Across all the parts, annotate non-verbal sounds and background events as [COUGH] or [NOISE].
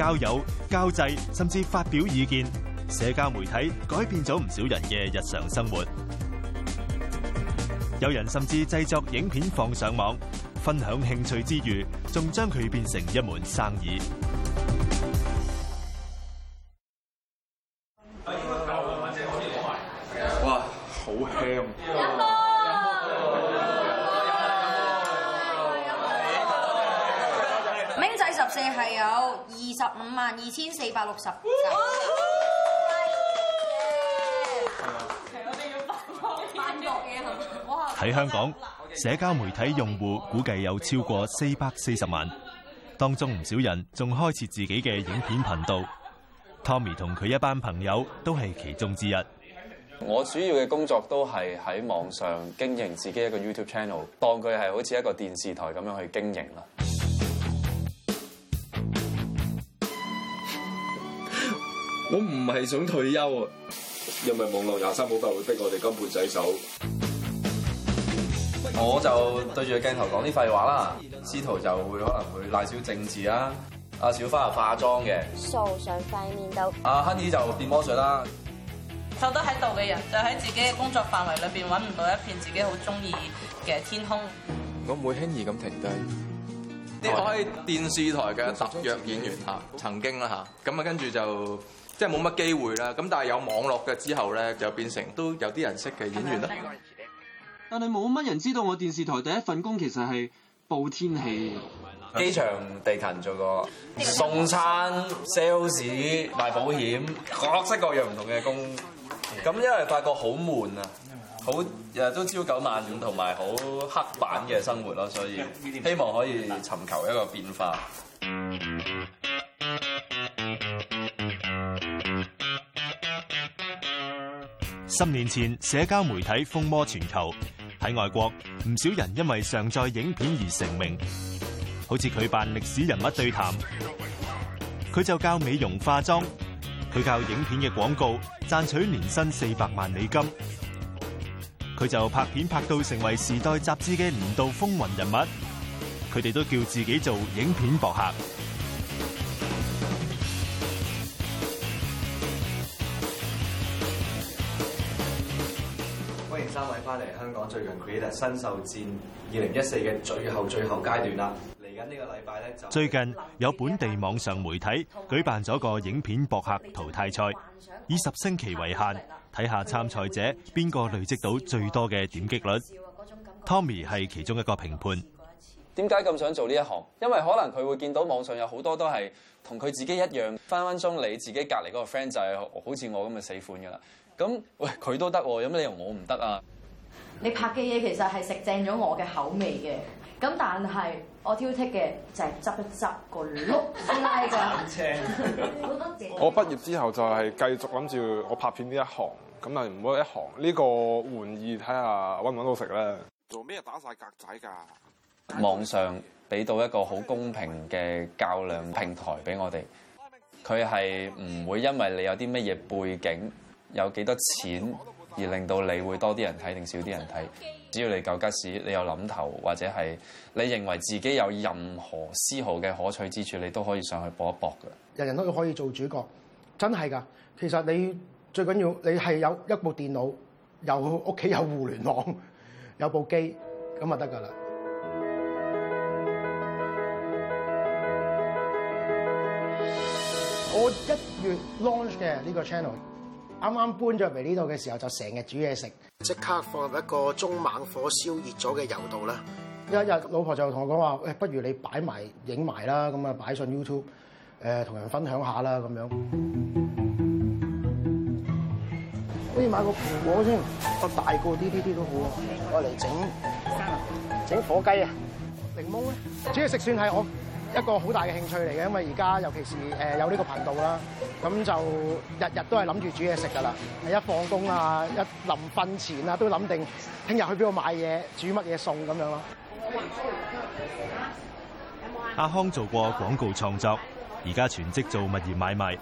交友、交際，甚至發表意見，社交媒體改變咗唔少人嘅日常生活。有人甚至製作影片放上網，分享興趣之餘，仲將佢變成一門生意。二千四百六十。喺香港，社交媒體用戶估計有超過四百四十萬，當中唔少人仲開設自己嘅影片頻道。 [LAUGHS] Tommy 同佢一班朋友都係其中之一。我主要嘅工作都係喺網上經營自己一個 YouTube channel，當佢係好似一個電視台咁樣去經營啦。我唔係想退休啊！因為網絡廿三好快會逼我哋金盤洗手。我就對住個鏡頭講啲廢話啦。司徒就會可能會賴少政治啊。阿小花係、啊、化妝嘅，掃上塊面度。阿亨姨就變魔術啦。坐得喺度嘅人就喺自己嘅工作範圍裏面揾唔到一片自己好中意嘅天空。我唔會輕易咁停低。呢個電視台嘅特約演員嚇，曾經啦嚇，咁啊，啊跟住就。即係冇乜機會啦，咁但係有網絡嘅之後咧，就變成都有啲人識嘅演員啦。但係冇乜人知道我電視台第一份工其實係報天氣、機場地勤做過送餐、sales 賣保險，各式各樣唔同嘅工。咁因為發覺好悶啊，好日日都朝九晚五同埋好刻板嘅生活咯，所以希望可以尋求一個變化。十年前，社交媒體風靡全球。喺外國，唔少人因為上載影片而成名。好似佢扮歷史人物對談，佢就教美容化妝，佢教影片嘅廣告，賺取年薪四百萬美金。佢就拍片拍到成為時代雜誌嘅年度風雲人物。佢哋都叫自己做影片博客。三位翻嚟香港，最近佢哋 creator 新秀戰2014嘅最後最後階段啦。嚟緊呢個禮拜咧，最近有本地網上媒體舉辦咗個影片博客淘汰賽，以十星期為限，睇下參賽者邊個累積到最多嘅點擊率。Tommy 係其中一個評判。點解咁想做呢一行？因為可能佢會見到網上有好多都係同佢自己一樣，一分分鐘你自己隔離嗰個 friend 就係好似我咁嘅死款㗎啦。咁喂佢都得喎、哦，有咩理由我唔得啊？你拍嘅嘢其實係食正咗我嘅口味嘅，咁但係我挑剔嘅就係執一執個碌先得噶。我畢業之後就係繼續諗住我拍片呢一行，咁係唔好一行呢個玩意睇下揾唔揾到食呢？做咩打晒格仔㗎？網上俾到一個好公平嘅較量平台俾我哋，佢係唔會因為你有啲乜嘢背景，有幾多錢而令到你會多啲人睇定少啲人睇？只要你夠吉士，你有諗頭或者係你認為自己有任何絲毫嘅可取之處，你都可以上去搏一搏噶。人人都可以做主角，真係㗎！其實你最緊要你係有一部電腦，有屋企有互聯網，有部機咁就得㗎啦。我一月 launch 嘅呢個 channel。啱啱搬咗嚟呢度嘅時候，就成日煮嘢食，即刻放入一個中猛火燒熱咗嘅油度啦。一日老婆就同我講話，喂，不如你擺埋影埋啦，咁啊擺上 YouTube，誒、呃、同人分享一下啦咁樣。可以 [MUSIC] 買個平火先，個大個啲啲啲都好啊，我嚟整，整火雞啊， [MUSIC] 檸檬咧，煮嘢食算係我。一個好大嘅興趣嚟嘅，因為而家尤其是誒有呢個頻道啦，咁就日日都係諗住煮嘢食噶啦。一放工啊，一臨瞓前啊，都諗定聽日去邊度買嘢、煮乜嘢餸咁樣咯。阿、啊、康做過廣告創作，而家全職做物業買賣。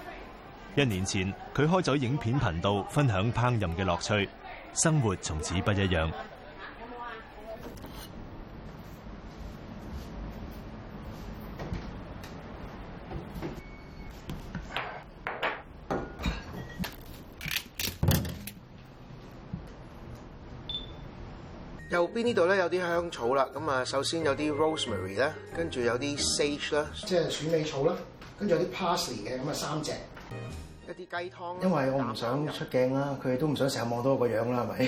一年前佢開咗影片頻道，分享烹飪嘅樂趣，生活從此不一樣。邊呢度咧有啲香草啦，咁啊首先有啲 rosemary 啦，跟住有啲 sage 啦，即係鼠尾草啦，跟住有啲 parsley 嘅，咁啊三隻一啲雞湯，因為我唔想出鏡啦，佢哋都唔想成日望到我個樣啦，係咪？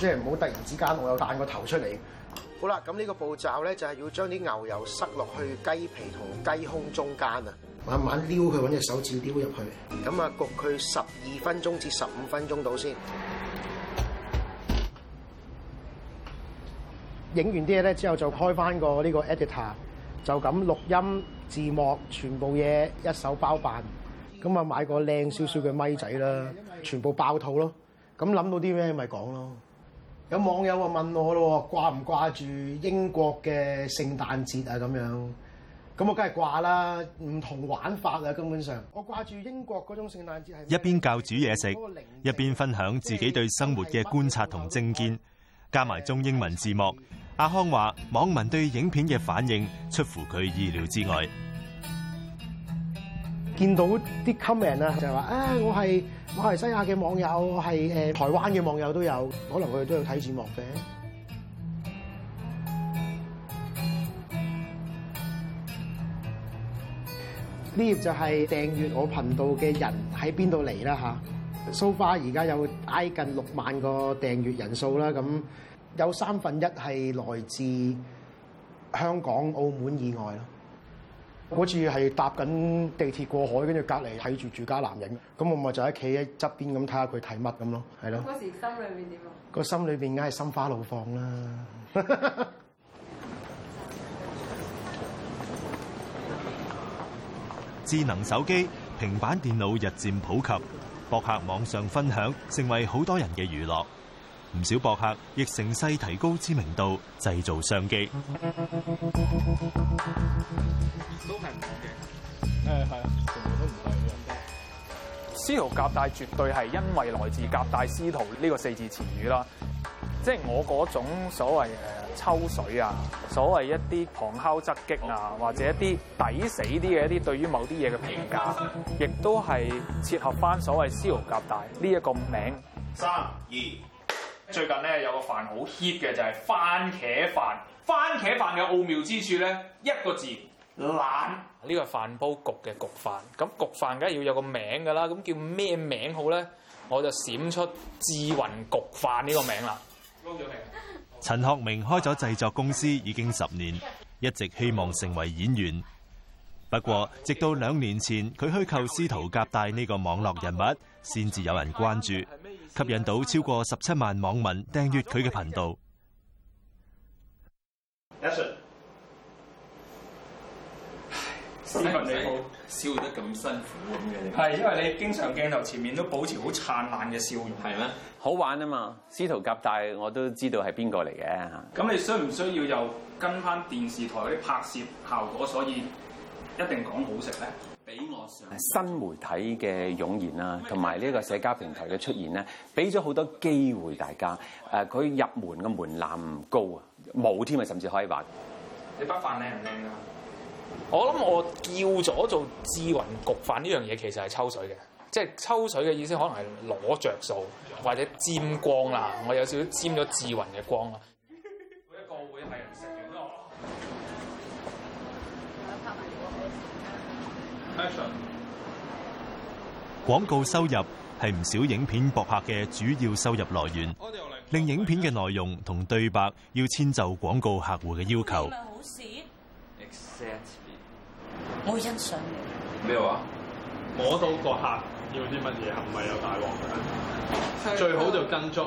即係唔好突然之間我又彈個頭出嚟。好啦，咁呢個步驟咧就係要將啲牛油塞落去雞皮同雞胸中間啊，慢慢撩佢揾隻手指撩入去，咁啊焗佢十二分鐘至十五分鐘度先。影完啲嘢咧之後就開返個呢個 editor，就咁錄音字幕，全部嘢一手包辦。咁啊買個靚少少嘅咪仔啦，全部爆肚咯。咁諗到啲咩咪講咯。有網友啊問我咯，掛唔掛住英國嘅聖誕節啊咁樣？咁我梗係掛啦，唔同玩法啊，根本上。我掛住英國嗰種聖誕節係。一邊教煮嘢食，那個、一邊分享自己對生活嘅觀察同政見，加埋中英文字幕。阿康話：網民對影片嘅反應出乎佢意料之外，見到啲 comment 啦，就話，唉、啊，我係馬來西亞嘅網友，我係誒、啊、台灣嘅網友都有，可能佢哋都有睇字幕嘅。呢 [MUSIC] 頁就係訂閱我頻道嘅人喺邊度嚟啦吓，so far 而家有挨近六萬個訂閱人數啦，咁。有三分一係來自香港、澳門以外咯。好似係搭緊地鐵過海，跟住隔離睇住住家男人，咁我咪就喺企喺側邊咁睇下佢睇乜咁咯，係咯。嗰時心裏面點啊？個心裏面梗係心花怒放啦！ [LAUGHS] 智能手機、平板電腦日漸普及，博客網上分享成為好多人嘅娛樂。唔少博客亦乘勢提高知名度，製造商機。都係唔好嘅，誒係啊，全部都唔係咁樣嘅。司徒夾帶絕對是因為來自「夾帶私逃」呢個四字詞語啦。即係我嗰種所謂誒抽水啊，所謂一啲旁敲側擊啊，或者一啲抵死啲嘅一啲對於某啲嘢嘅評價，亦都係切合翻所謂司徒夾帶呢一個名。三二。最近咧有個飯好 hit 嘅就係、是、番茄飯。番茄飯嘅奧妙之處咧，一個字懶。呢個飯煲焗嘅焗飯，咁焗飯梗係要有個名㗎啦。咁叫咩名好咧？我就閃出志雲焗飯呢個名啦。陳學明開咗製作公司已經十年，一直希望成為演員。不過直到兩年前，佢虛構司徒夾帶呢個網絡人物，先至有人關注。吸引到超過十七萬網民訂閱佢嘅頻道。s、yes, 你好笑得咁辛苦咁嘅你，係因為你經常鏡頭前面都保持好燦爛嘅笑容。係咩？好玩啊嘛！司徒夾帶我都知道係邊個嚟嘅嚇。咁你需唔需要又跟翻電視台嗰啲拍攝效果，所以一定講好食咧？俾我想新媒體嘅湧現啦，同埋呢個社交平台嘅出現咧、啊，俾咗好多機會大家。誒、呃，佢入門嘅門檻唔高啊，冇添啊，甚至可以話，你飯不飯靚唔靚㗎？我諗我叫咗做智雲焗飯呢樣嘢，其實係抽水嘅，即係抽水嘅意思，可能係攞着數或者沾光啦。我有少少沾咗智雲嘅光啊。Action. 廣告收入係唔少影片博客嘅主要收入來源，嗯、令影片嘅內容同對白要遷就廣告客戶嘅要求。唔係好事。a、Exactly. 我欣賞你。咩話？摸到個客要啲乜嘢，唔係有大鑊嘅。最好就跟足，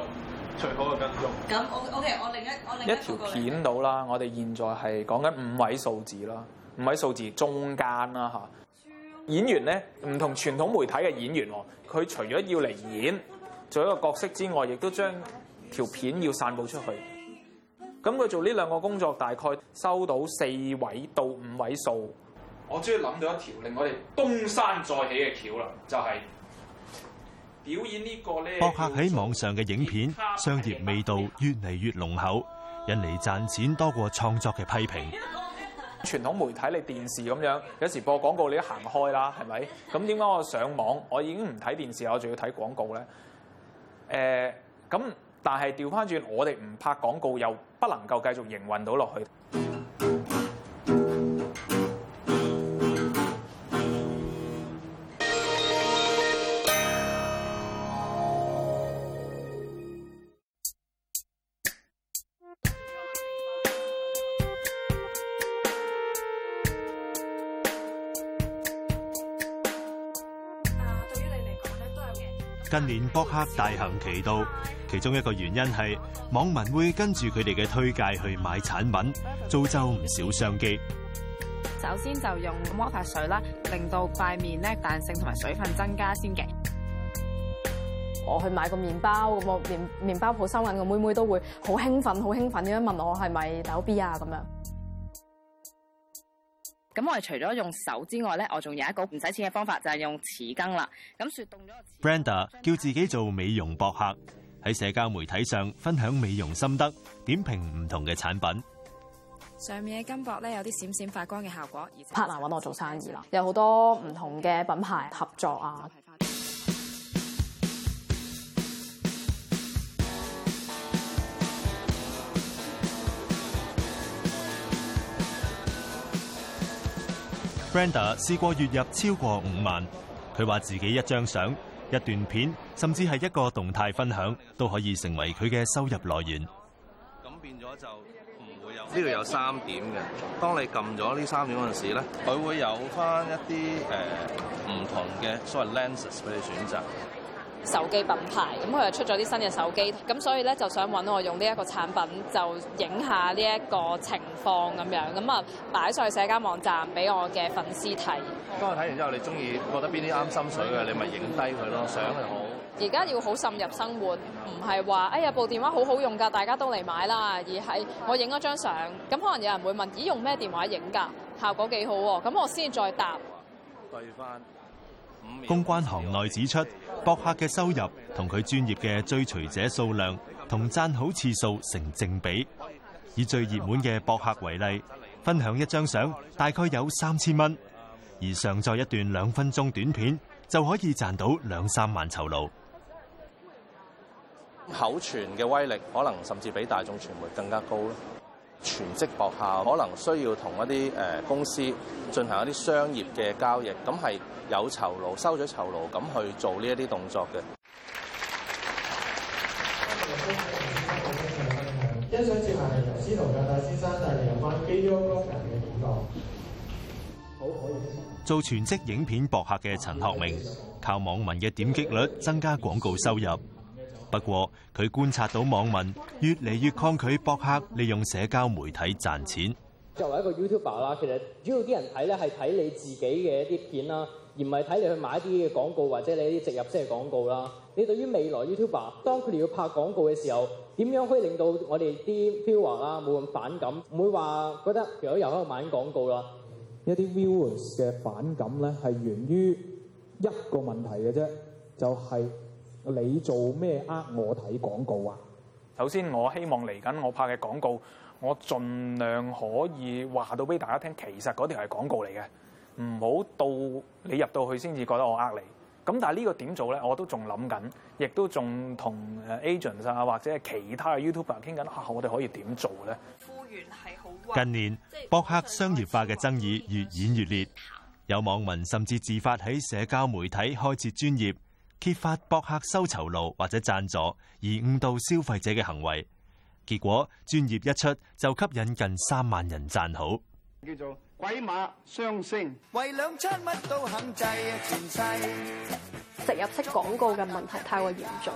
最好就跟足。咁我 OK，我另一我另一個。一條片到啦，我哋現在係講緊五位數字啦，五位數字中間啦吓。演員咧，唔同傳統媒體嘅演員，佢除咗要嚟演做一個角色之外，亦都將條片要散佈出去。咁佢做呢兩個工作，大概收到四位到五位數。我終於諗到一條令我哋東山再起嘅橋啦，就係、是、表演呢個咧。博客喺網上嘅影片，片商業味道越嚟越濃厚，引嚟賺錢多過創作嘅批評。傳統媒體你電視咁樣，有時播廣告你都行開啦，係咪？咁點解我上網，我已經唔睇電視，我仲要睇廣告咧？誒、呃，咁但係調返轉，我哋唔拍廣告又不能夠繼續營運到落去。近年博客大行其道，其中一個原因係網民會跟住佢哋嘅推介去買產品，造就唔少商機。首先就用魔法水啦，令到塊面咧彈性同埋水分增加先嘅。我去買個麵包，咁我面麵包鋪收銀個妹妹都會好興奮，好興奮咁樣問我係咪抖音啊咁樣。咁我哋除咗用手之外咧，我仲有一個唔使錢嘅方法，就係用匙羹啦。咁雪凍咗。Brenda 叫自己做美容博客，喺社交媒體上分享美容心得，點評唔同嘅產品。上面嘅金箔咧有啲閃閃發光嘅效果。而 partner 揾我做生意啦，有好多唔同嘅品牌合作啊。Brenda 試過月入超過五萬，佢話自己一張相、一段片，甚至係一個動態分享，都可以成為佢嘅收入來源。咁變咗就唔會有呢度有三點嘅，當你撳咗呢三點嗰陣時咧，佢會有返一啲誒唔同嘅所謂 lenses 俾你選擇。手機品牌咁佢又出咗啲新嘅手機，咁所以咧就想搵我用呢一個產品，就影下呢一個情況咁樣，咁啊擺上去社交網站俾我嘅粉絲睇。當我睇完之後你中意覺得邊啲心水，你中意覺得邊啲啱心水嘅，你咪影低佢咯，相係好。而家要好滲入生活，唔係話哎呀部電話好好用㗎，大家都嚟買啦，而係我影咗張相，咁可能有人會問，咦用咩電話影㗎？效果幾好喎？咁我先再答。對返。公關行內指出，博客嘅收入同佢專業嘅追隨者數量同讚好次數成正比。以最熱門嘅博客為例，分享一張相大概有三千蚊，而上載一段兩分鐘短片就可以賺到兩三萬酬勞。口傳嘅威力可能甚至比大眾傳媒更加高。全職博客可能需要同一啲誒公司進行一啲商業嘅交易，咁係有酬勞，收咗酬勞咁去做呢一啲動作嘅。欣賞接下係遊思彤先生，係有關《Beyond》嘅講座。好，做全職影片博客嘅陳學明，靠網民嘅點擊率增加廣告收入。不過，佢觀察到網民越嚟越抗拒博客利用社交媒體賺錢。作為一個 YouTuber 啦，其實主要啲人睇咧係睇你自己嘅一啲片啦，而唔係睇你去買一啲嘅廣告或者你啲植入式嘅廣告啦。你對於未來 YouTuber 當佢哋要拍廣告嘅時候，點樣可以令到我哋啲 viewer 啦冇咁反感，唔會話覺得如果又喺度買廣告啦？一啲 viewers 嘅反感咧係源於一個問題嘅啫，就係、是。你做咩呃我睇廣告啊？首先，我希望嚟緊我拍嘅廣告，我盡量可以話到俾大家聽，其實嗰條係廣告嚟嘅。唔好到你入到去先至覺得我呃你。咁但係呢個點做咧？我都仲諗緊，亦都仲同誒 agent 啊，或者係其他嘅 YouTuber 傾緊，嚇我哋可以點做咧？近年博客商業化嘅爭議越演越烈，嗯，有網民甚至自發喺社交媒體開設專業。揭發博客收酬勞或者贊助而誤導消費者嘅行為，結果專業一出就吸引近三萬人讚好，好，叫做鬼馬雙星為兩餐乜都肯制，前世植入式廣告嘅問題太過嚴重，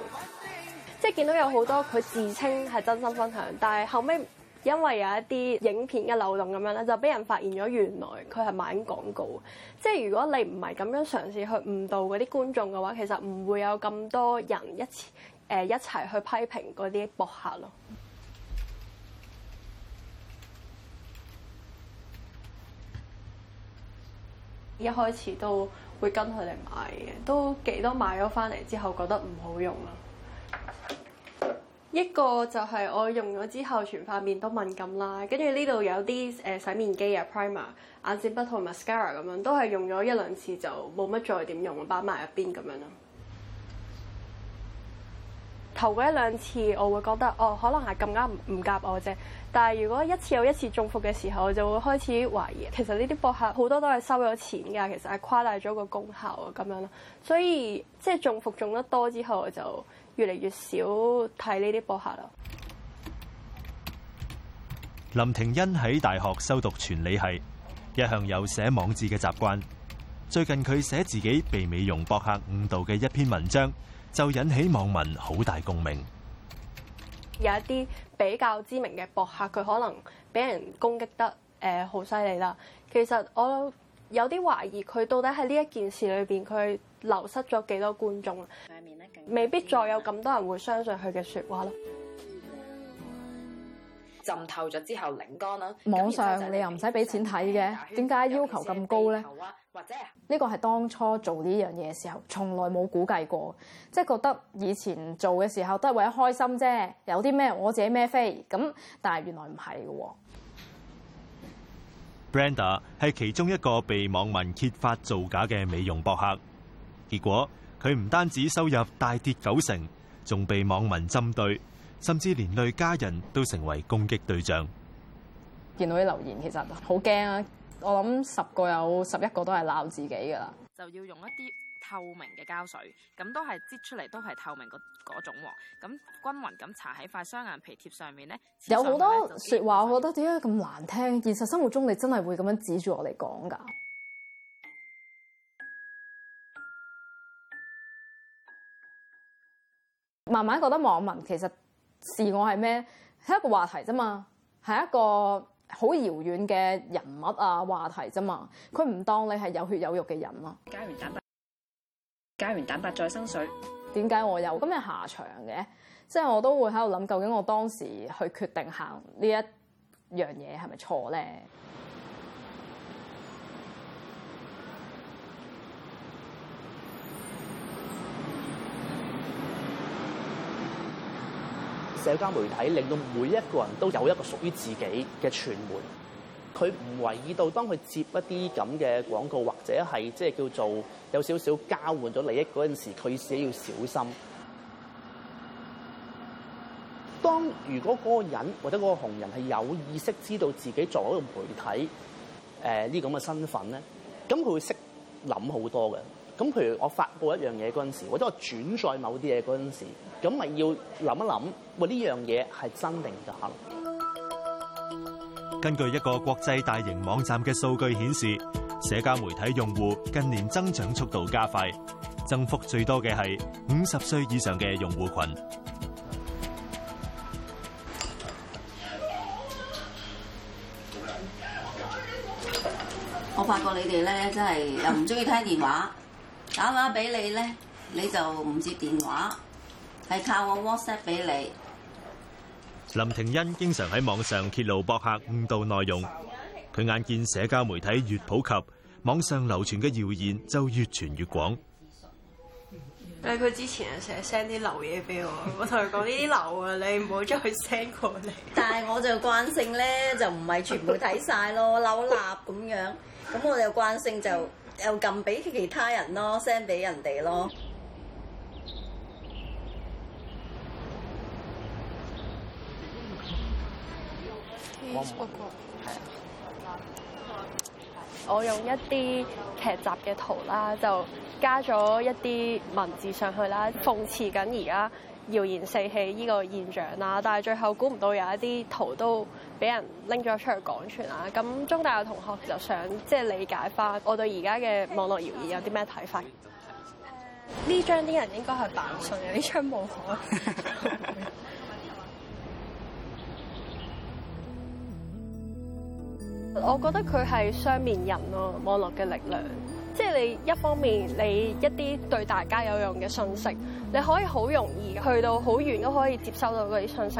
即係見到有好多佢自稱係真心分享，但係後尾。因為有一啲影片嘅漏洞咁樣咧，就俾人發現咗，原來佢係賣廣告。即係如果你唔係咁樣嘗試去誤導嗰啲觀眾嘅話，其實唔會有咁多人一誒、呃、一齊去批評嗰啲博客咯。一開始都會跟佢哋買嘅，都幾多買咗返嚟之後覺得唔好用啦。一個就係我用咗之後，全塊面都敏感啦。跟住呢度有啲、呃、洗面機啊、primer、眼線筆同 mascara 咁樣，都係用咗一兩次就冇乜再點用，擺埋入邊咁樣咯。頭嗰一兩次我會覺得哦，可能係咁啱唔夾夾我啫。但係如果一次又一次中伏嘅時候，我就會開始懷疑，其實呢啲博客好多都係收咗錢㗎，其實係誇大咗個功效啊咁樣咯。所以即係中伏中得多之後，我就越嚟越少睇呢啲博客啦。林婷欣喺大學修讀傳理系，一向有寫網誌嘅習慣。最近佢寫自己被美容博客誤導嘅一篇文章，就引起網民好大共鳴。有一啲比較知名嘅博客，佢可能俾人攻擊得誒好犀利啦。其實我有啲懷疑，佢到底喺呢一件事裏邊，佢流失咗幾多觀眾啊？未必再有咁多人會相信佢嘅說話咯。浸透咗之後靈光啦，網上你又唔使俾錢睇嘅，點解要求咁高咧？或者呢個係當初做呢樣嘢嘅時候，從來冇估計過，即係覺得以前做嘅時候都係為咗開心啫。有啲咩我自己咩飛咁，但係原來唔係嘅。Brenda 係其中一個被網民揭發造假嘅美容博客，結果。佢唔單止收入大跌九成，仲被網民針對，甚至連累家人都成為攻擊對象。見到啲留言，其實好驚啊！我諗十個有十一個都係鬧自己噶啦。就要用一啲透明嘅膠水，咁都係擠出嚟都係透明嗰種喎。咁均勻咁搽喺塊雙眼皮貼上面咧。有好多説話很，我覺得點解咁難聽？現實生活中，你真係會咁樣指住我嚟講㗎？慢慢覺得網民其實視我係咩？係一個話題啫嘛，係一個好遙遠嘅人物啊，話題啫嘛，佢唔當你係有血有肉嘅人咯。加完蛋白，加完蛋白再生水，點解我有咁嘅下場嘅？即係我都會喺度諗，究竟我當時去決定行呢一樣嘢係咪錯咧？社交媒體令到每一個人都有一個屬於自己嘅傳媒，佢唔為意到當佢接一啲咁嘅廣告，或者係即係叫做有少少交換咗利益嗰陣時，佢自己要小心。當如果嗰個人或者嗰個紅人係有意識知道自己作為一個媒體誒呢咁嘅身份咧，咁佢會識諗好多嘅。咁譬如我發布一樣嘢嗰陣時，或者我轉載某啲嘢嗰陣時，咁咪要諗一諗，喂呢樣嘢係真定假？根據一個國際大型網站嘅數據顯示，社交媒體用戶近年增長速度加快，增幅最多嘅係五十歲以上嘅用戶群。我發覺你哋呢真係又唔中意聽電話。打電話俾你咧，你就唔接電話，係靠我 WhatsApp 俾你。林婷欣經常喺網上揭露博客誤導內容。佢眼見社交媒體越普及，網上流傳嘅謠言就越傳越廣。誒，佢之前啊，成日 send 啲流嘢俾我，我同佢講呢啲流啊，你唔好再 send 過嚟。但係我就慣性咧，就唔係全部睇晒咯，扭一納咁樣。咁我慣性就。又撳俾其他人咯，send 俾人哋咯。我我用一啲劇集嘅圖啦，就加咗一啲文字上去啦，諷刺緊而家謠言四起呢個現象啦，但係最後估唔到有一啲圖都俾人拎咗出去講傳啊！咁中大嘅同學就想即係理解翻，我對而家嘅網絡謠言有啲咩睇法？呢、嗯、張啲人應該係扮信啊！呢、嗯、張冇可 [LAUGHS] 我覺得佢係雙面人咯，網絡嘅力量。即係你一方面，你一啲對大家有用嘅信息，你可以好容易去到好遠都可以接收到嗰啲信息。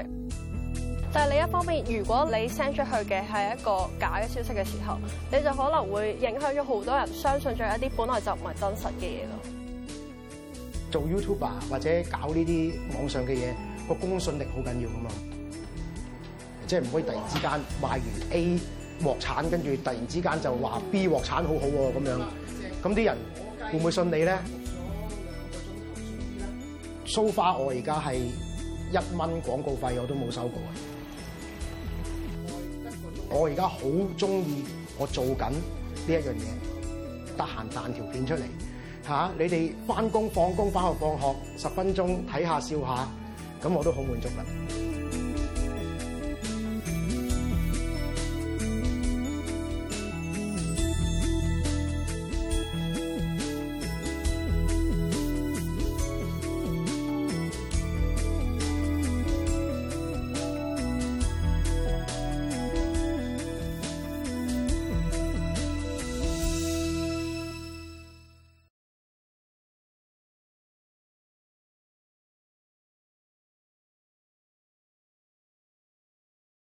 但係你一方面，如果你 send 出去嘅係一個假嘅消息嘅時候，你就可能會影響咗好多人相信咗一啲本來就唔係真實嘅嘢咯。做 YouTube 啊，或者搞呢啲網上嘅嘢，個公信力好緊要噶嘛。即係唔可以突然之間賣完 A 鑊產，跟住突然之間就話 B 鑊產好好喎咁樣。咁啲人會唔會信你咧？So far，我而家係一蚊廣告費我都冇收過。Really like、我而家好中意我做緊呢一樣嘢，得閒彈條片出嚟嚇你哋翻工放工、翻學放學，十分鐘睇下笑下，咁我都好滿足啦。